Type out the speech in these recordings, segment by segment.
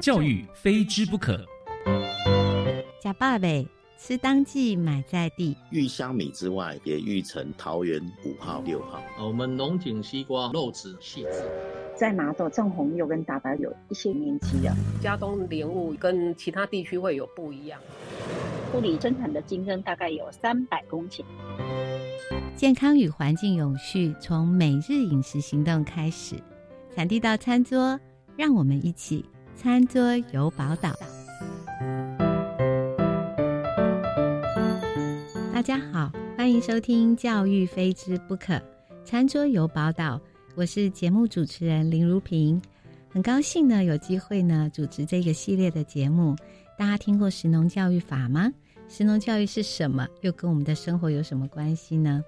教育非知不可。假爸輩吃當季買在地，玉香米之外也育成桃園五號、六號。我們龍井西瓜肉質細緻，在麻豆正紅又跟大白有一些年紀了、啊。佳冬蓮霧跟其他地區會有不一樣。庫裡生產的金針大概有三百公頃。健康與環境永續，從每日飲食行動開始，產地到餐桌，讓我們一起。餐桌遊寶島。大家好，歡迎收聽《教育非知不可》。餐桌遊寶島，我是節目主持人林如萍，很高興呢有機會呢主持這個系列的節目。大家聽過“食農教育法”嗎？“食農教育”是什麼？又跟我們的生活有什麼關係呢？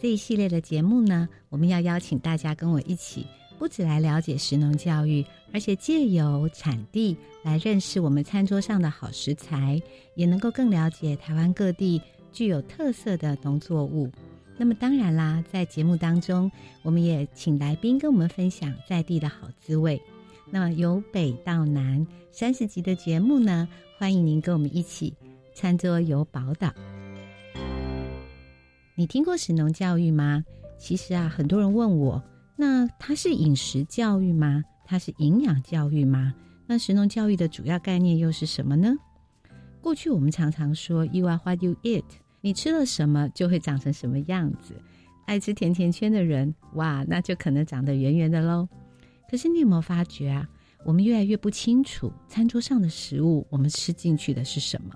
這一系列的節目呢，我們要邀請大家跟我一起。不只來了解食農教育，而且借由產地來認識我們餐桌上的好食材，也能夠更了解台灣各地具有特色的農作物。那麼當然啦，在節目當中，我們也請來賓跟我們分享在地的好滋味。那麼由北到南三十集的節目呢，歡迎您跟我們一起餐桌遊寶島。你聽過食農教育嗎？其實啊，很多人問我。那它是飲食教育嗎？它是營養教育嗎？那食農教育的主要概念又是什麼呢？過去我們常常說 “you are what you eat”，你吃了什麼就會長成什麼樣子。愛吃甜甜圈的人，哇，那就可能長得圓圓的嘍。可是你有沒有發覺啊？我們越來越不清楚餐桌上的食物，我們吃進去的是什麼？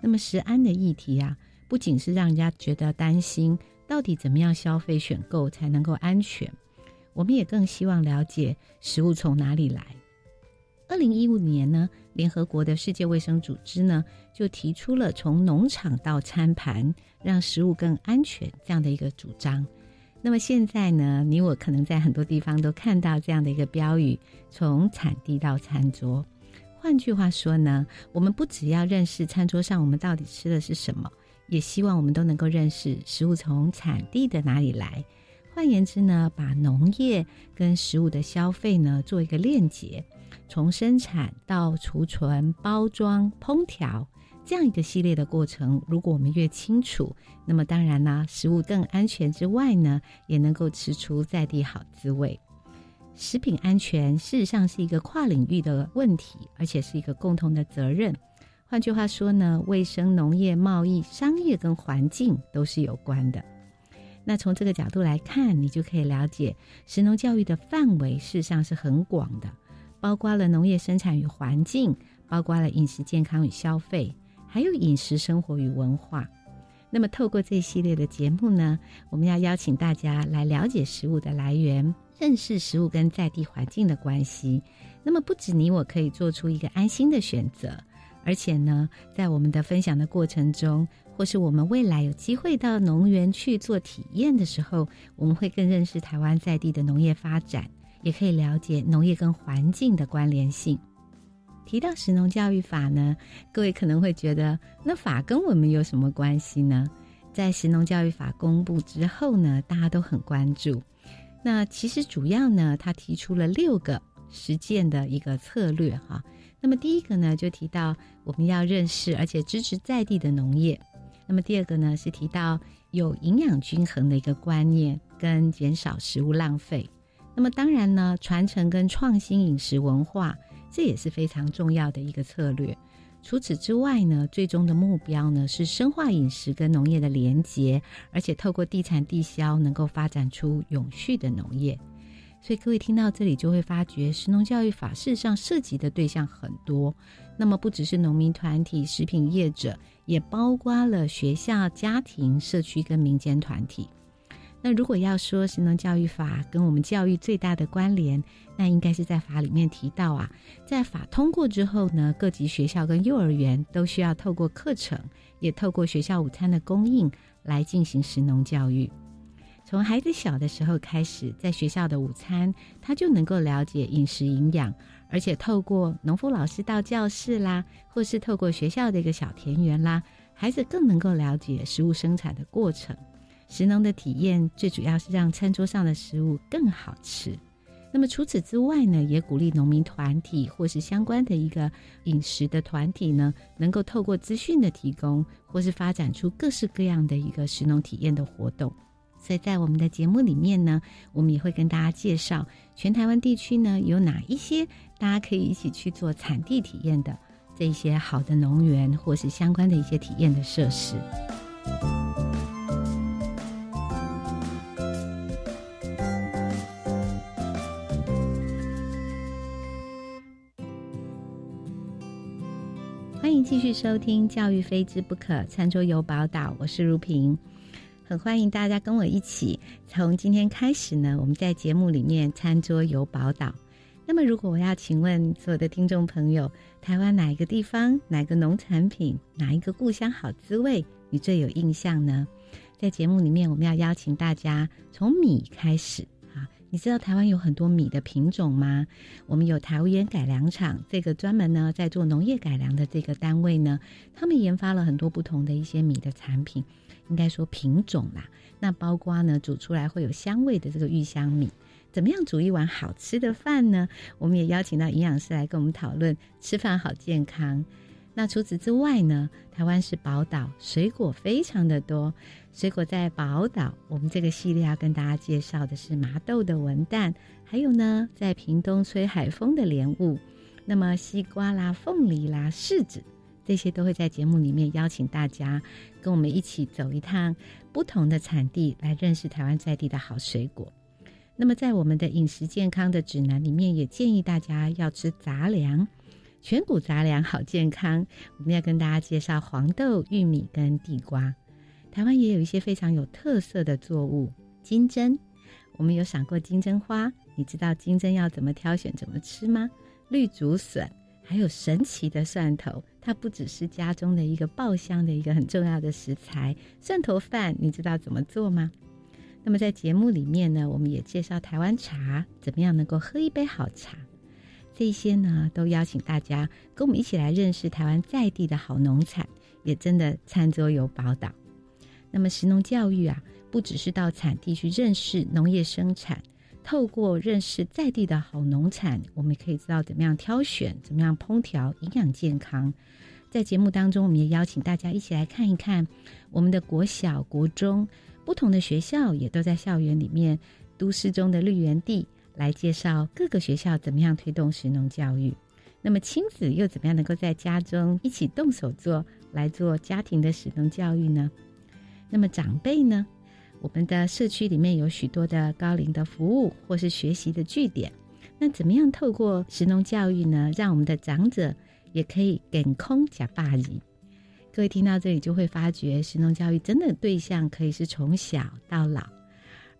那麼食安的議題啊，不僅是讓人家覺得擔心，到底怎麼樣消費選購才能夠安全？我們也更希望了解食物從哪裡來。二零一五年呢，聯合國的世界衛生組織呢，就提出了“從農場到餐盤，讓食物更安全”這樣的一個主張。那麼現在呢，你我可能在很多地方都看到這樣的一個標語：“從產地到餐桌。”換句話說呢，我們不只要認識餐桌上我們到底吃的是什麼，也希望我們都能夠認識食物從產地的哪裡來。換言之呢，把農業跟食物的消費呢做一個鏈接，從生產到儲存、包裝、烹調這樣一個系列的過程，如果我們越清楚，那麼當然啦，食物更安全之外呢，也能夠吃出在地好滋味。食品安全事實上是一個跨領域的問題，而且是一個共同的責任。換句話說呢，衛生、農業、貿易、商業跟環境都是有關的。那從這個角度來看，你就可以了解食農教育的範圍事實上是很廣的，包括了農業生產與環境，包括了飲食健康與消費，還有飲食生活與文化。那麼透過這一系列的節目呢，我們要邀請大家來了解食物的來源，認識食物跟在地環境的關係。那麼不止你我可以做出一個安心的選擇，而且呢，在我們的分享的過程中，或是我們未來有機會到農園去做體驗的時候，我們會更認識臺灣在地的農業發展，也可以了解農業跟環境的關聯性。提到《食農教育法》呢，各位可能會覺得那法跟我們有什麼關係呢？在《食農教育法》公布之後呢，大家都很關注。那其實主要呢，他提出了六個實踐的一個策略哈。那麼第一個呢，就提到我們要認識而且支持在地的農業。那麼第二個呢，是提到有營養均衡的一個觀念，跟減少食物浪費。那麼當然呢，傳承跟創新飲食文化，這也是非常重要的一個策略。除此之外呢，最終的目標呢，是深化飲食跟農業的連結，而且透過地產地消，能夠發展出永續的農業。所以各位聽到這裡就會發覺，食農教育法事實上涉及的對象很多，那麼不只是農民團體、食品業者，也包括了學校、家庭、社區跟民間團體。那如果要說食農教育法跟我們教育最大的關聯，那應該是在法裡面提到啊，在法通過之後呢，各級學校跟幼兒園都需要透過課程，也透過學校午餐的供應來進行食農教育。從孩子小的時候開始，在學校的午餐，他就能夠了解飲食營養，而且透過農夫老師到教室啦，或是透過學校的一個小田園啦，孩子更能夠了解食物生產的過程。食農的體驗最主要是讓餐桌上的食物更好吃。那麼除此之外呢，也鼓勵農民團體或是相關的一個飲食的團體呢，能夠透過資訊的提供，或是發展出各式各樣的一個食農體驗的活動。所以在我們的節目裡面呢，我們也會跟大家介紹全臺灣地區呢，有哪一些大家可以一起去做產地體驗的這一些好的農園或是相關的一些體驗的設施。歡迎繼續收聽《教育非知不可》，餐桌遊寶島，我是如萍。很歡迎大家跟我一起，從今天開始呢，我們在節目裡面“餐桌遊寶島”。那麼，如果我要請問所有的聽眾朋友，台灣哪一個地方、哪個農產品、哪一個故鄉好滋味，你最有印象呢？在節目裡面，我們要邀請大家從米開始。你知道台灣有很多米的品種嗎？我們有桃園改良場，這個專門呢在做農業改良的這個單位呢，他們研發了很多不同的一些米的產品，應該說品種啦。那包括呢煮出來會有香味的這個芋香米，怎麼樣煮一碗好吃的飯呢？我們也邀請到營養師來跟我們討論吃飯好健康。那除此之外呢，台灣是寶島，水果非常的多。水果在寶島，我們這個系列要跟大家介紹的是麻豆的文旦，還有呢，在屏東吹海風的蓮霧。那麼西瓜啦、鳳梨啦、柿子，這些都會在節目裡面邀請大家跟我們一起走一趟不同的產地，來認識台灣在地的好水果。那麼在我們的飲食健康的指南裡面，也建議大家要吃雜糧。全穀雜糧好健康，我們要跟大家介紹黃豆、玉米跟地瓜。台灣也有一些非常有特色的作物，金針。我們有賞過金針花，你知道金針要怎麼挑選、怎麼吃嗎？綠竹筍，還有神奇的蒜頭，它不只是家中的一個爆香的一個很重要的食材。蒜頭飯，你知道怎麼做嗎？那麼在節目裡面呢，我們也介紹台灣茶，怎麼樣能夠喝一杯好茶。這些呢，都邀請大家跟我們一起來認識台灣在地的好農產，也真的餐桌遊寶島。那麼，食農教育，啊，不只是到產地去認識農業生產，透過認識在地的好農產，我們也可以知道怎麼樣挑選、怎麼樣烹調，營養健康。在節目當中，我們也邀請大家一起來看一看我們的國小、國中，不同的學校也都在校園裡面，都市中的綠園地。來介紹各個學校怎麼樣推動食農教育，那麼親子又怎麼樣能夠在家中一起動手做，來做家庭的食農教育呢？那麼長輩呢？我們的社區裡面有許多的高齡的服務或是學習的據點，那怎麼樣透過食農教育呢，讓我們的長者也可以健康呷百二。各位聽到這裡就會發覺，食農教育真的對象可以是從小到老。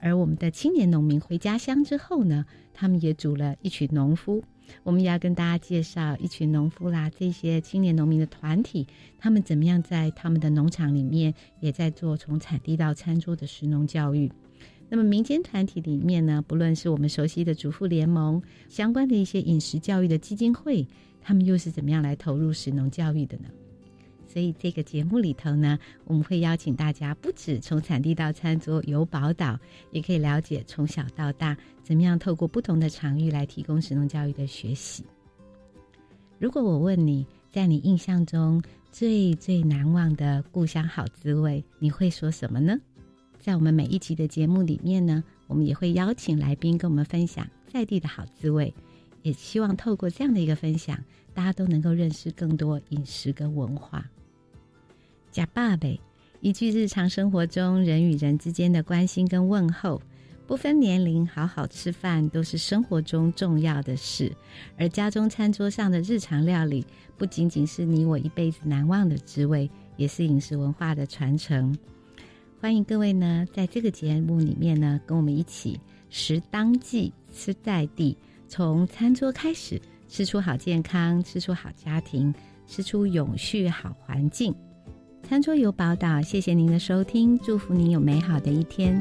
而我們的青年農民回家鄉之後呢，他們也組了一群農夫。我們也要跟大家介紹一群農夫啦，這些青年農民的團體，他們怎麼樣在他們的農場裡面也在做從產地到餐桌的食農教育。那麼民間團體裡面呢，不論是我們熟悉的主婦聯盟，相關的一些飲食教育的基金會，他們又是怎麼樣來投入食農教育的呢？所以這個節目裡頭呢，我們會邀請大家，不止從產地到餐桌，遊寶島也可以了解從小到大，怎麼樣透過不同的場域來提供食農教育的學習。如果我問你在你印象中最最難忘的故鄉好滋味，你會說什麼呢？在我們每一集的節目裡面呢，我們也會邀請來賓跟我們分享在地的好滋味，也希望透過這樣的一個分享，大家都能夠認識更多飲食跟文化。呷飽未，一句日常生活中人與人之間的關心跟問候，不分年齡，好好吃飯都是生活中重要的事。而家中餐桌上的日常料理，不僅僅是你我一輩子難忘的滋味，也是飲食文化的傳承。歡迎各位呢，在這個節目裡面呢，跟我們一起食當季、吃在地，從餐桌開始，吃出好健康，吃出好家庭，吃出永續好環境。餐桌遊寶島，謝謝您的收聽，祝福您有美好的一天。